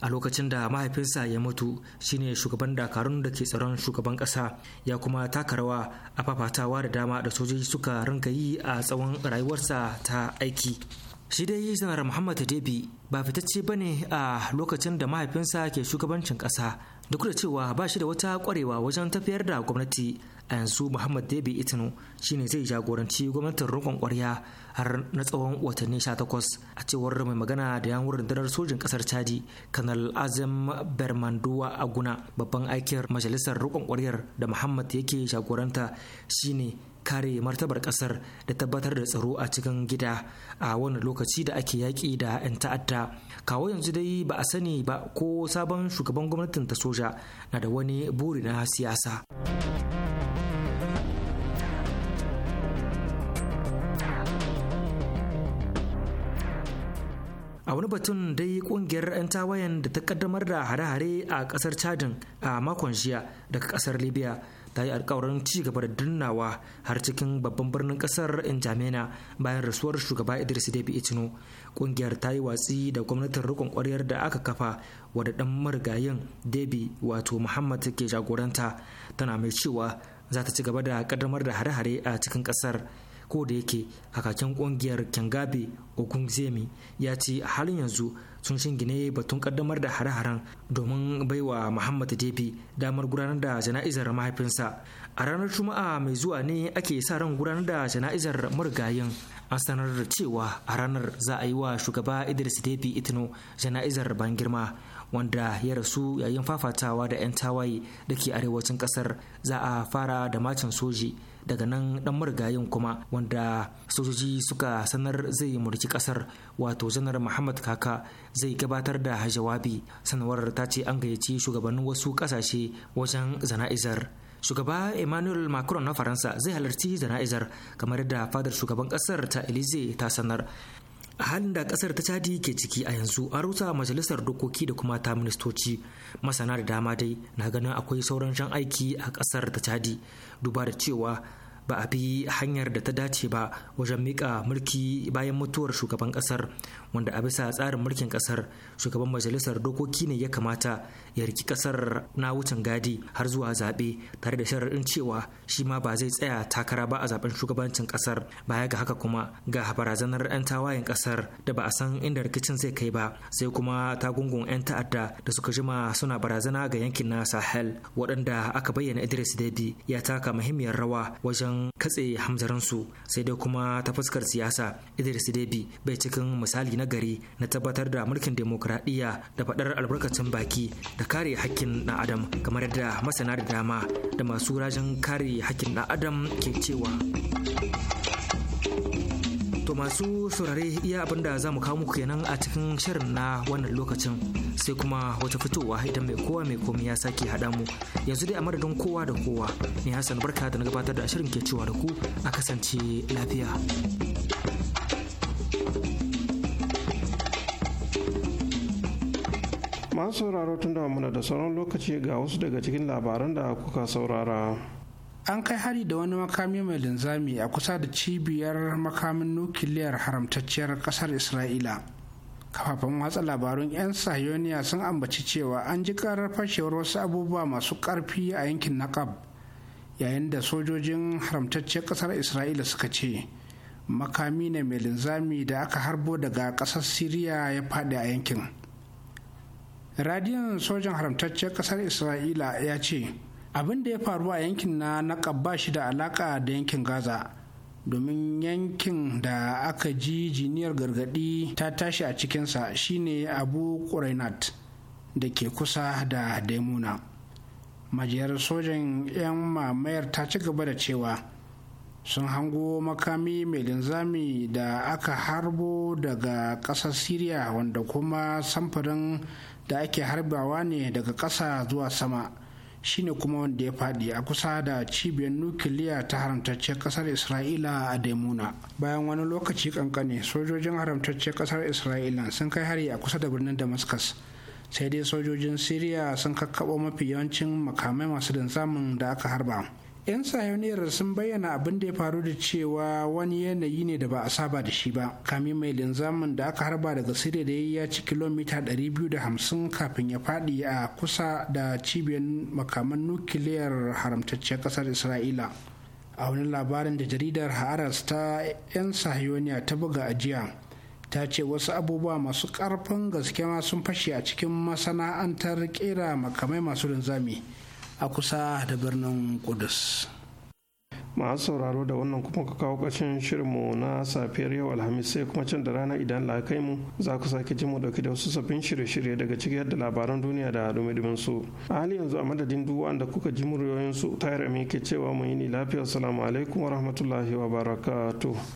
a lokacin da mahaifinsa ya mutu shine shugaban dakarun da ke tsaron shugaban kasa ya kuma taka rawa a fafatawa da dama da sojoji suka rinka yi a tsawon rayuwarsa ta aiki shi dai janar muhammad debi ba fitacce ne a lokacin da mahaifinsa ke shugabancin kasa duk da cewa ba shi da wata kwarewa wajen tafiyar da gwamnati a yanzu muhammad debi itno shine zai jagoranci gwamnatin rukun kwarya har na tsawon watanni 18 a cewar mai magana da yan rundunar sojin kasar chadi kanal azim bermanduwa aguna babban aikin majalisar rikon kwaryar da muhammad yake jagoranta shine kare martabar kasar da tabbatar da tsaro a cikin gida a wani lokaci da ake yaƙi da 'yan ta'adda kawo yanzu dai ba a sani ba ko sabon shugaban gwamnatin ta soja na da wani buri na siyasa. a wani batun dai kungiyar 'yan tawayen da ta kaddamar da hare-hare a kasar chadin a makon jiya daga kasar libya ta yi alkawarin ci gaba da dunnawa har cikin babban birnin kasar injamena bayan rasuwar shugaba idris debi itino kungiyar ta yi watsi da gwamnatin rikon kwaryar da aka kafa wadda dan marigayin debi wato muhammad ke jagoranta tana mai cewa za ta ci gaba da kaddamar da hare-hare a cikin kasar ko da yake hakakin kungiyar kengabe ogunzemi ya ce a halin yanzu sun shingine batun kaddamar da hare-haren domin baiwa muhammad debi damar gudanar da jana'izar mahaifinsa a ranar juma'a mai zuwa ne ake sa ran gudanar da jana'izar marigayin an sanar da cewa a ranar za a yi wa shugaba idris debi itno jana'izar ban girma wanda ya rasu yayin fafatawa da 'yan tawaye da ke arewacin kasar za a fara da macin soji daga nan dan marigayin kuma wanda sojoji suka sanar zai mulki kasar wato janar muhammad kaka zai gabatar da jawabi sanarwar ta ce an gayyaci shugabannin wasu kasashe wajen zana'izar shugaba emmanuel macron na faransa zai halarci zana'izar kamar da fadar shugaban kasar ta elize ta sanar a halin da kasar ta cadi ke ciki a yanzu an rusa majalisar dokoki da kuma ta ministoci masana da dama dai na ganin akwai sauran shan aiki a kasar ta cadi duba da cewa ba a bi hanyar da ta dace ba wajen mika mulki bayan mutuwar shugaban kasar wanda a bisa tsarin mulkin kasar shugaban majalisar dokoki ne ya kamata ya riki kasar na wucin gadi har zuwa zaɓe tare da sharaɗin cewa shi ma ba zai tsaya takara ba a zaben shugabancin kasar baya ga haka kuma ga barazanar 'yan tawayen kasar da ba a san inda rikicin zai kai ba sai kuma tagungun 'yan ta'adda da suka jima suna barazana ga yankin na sahel waɗanda aka bayyana idris dadi ya taka muhimmiyar rawa wajen katse hamzaransu sai dai kuma ta fuskar siyasa idris debi bai cikin misali na gari na tabbatar da mulkin demokuraɗiyya da faɗar albarkacin baki da kare hakkin ɗan adam kamar yadda masana da dama da masu rajin kare hakkin ɗan adam ke cewa To masu saurare iya abin da za mu kawo muku kenan a cikin shirin na wannan lokacin sai kuma wata fitowa idan mai kowa mai komi ya sake haɗa mu yanzu dai a madadin kowa da kowa ne Hassan barka da na gabatar da shirin ke cewa da ku a kasance lafiya. masu sauraro tun da muna da sauran lokaci ga wasu daga cikin labaran da kuka saurara an kai hari da wani makami mai linzami a kusa da cibiyar makamin nukiliyar haramtacciyar kasar isra'ila kafafen watsa labarun 'yan sahiyoniya sun ambaci cewa an ji karar fashewar wasu abubuwa masu karfi a yankin naqab yayin da sojojin haramtacciyar kasar isra'ila suka ce makami ne mai linzami da aka harbo daga kasar siriya ya faɗi a yankin radiyon sojan haramtaccen kasar isra'ila ya ce abin da ya faru a yankin na naƙab ba shi da alaƙa da yankin gaza domin yankin da aka ji jiniyar gargaɗi ta tashi a cikinsa shine abu ƙurainat da ke kusa da daimuna majiyar sojan 'yan mamayar ta ci gaba da cewa sun hango makami mai linzami da aka harbo daga ƙasar Siriya wanda kuma samfurin da ake harbawa ne daga ƙasa zuwa sama shine kuma wanda ya faɗi a kusa da cibiyar nukiliya ta haramtacciyar ƙasar isra'ila a daimuna bayan wani lokaci kankane sojojin haramtacce ƙasar isra'ila sun kai hari a kusa da birnin damascus sai dai sojojin siriya sun kakkaɓo mafi yawancin makamai masu da da aka harba 'yan sayoniyar sun bayyana abin da ya faru da cewa wani yanayi ne da ba a saba da shi ba kamin mai linzamin da aka harba daga Sirri da ya ci kilomita 250 kafin ya fadi a kusa da cibiyar makaman nukiliyar haramtacciyar ƙasar isra'ila a wani labarin da jaridar haras ta 'yan sahiyoniya ta buga ajiya, ta ce wasu abubuwa masu ƙarfin gaske ma sun fashe a cikin masana'antar kera makamai masu linzami. a kusa da birnin Kudus. masu sauraro da wannan kuma ka kawo ƙarshen shirinmu na safiyar yau alhamis sai kuma can da rana idan kai mu za ku sake jin mu dauki da wasu sabbin shirye-shirye daga cikin da labaran duniya da dumi su a hali yanzu a madadin duk wanda kuka ji muryoyin su tayar ke cewa mu yi ni lafiya salamu alaikum wa rahmatullahi wa barakatuh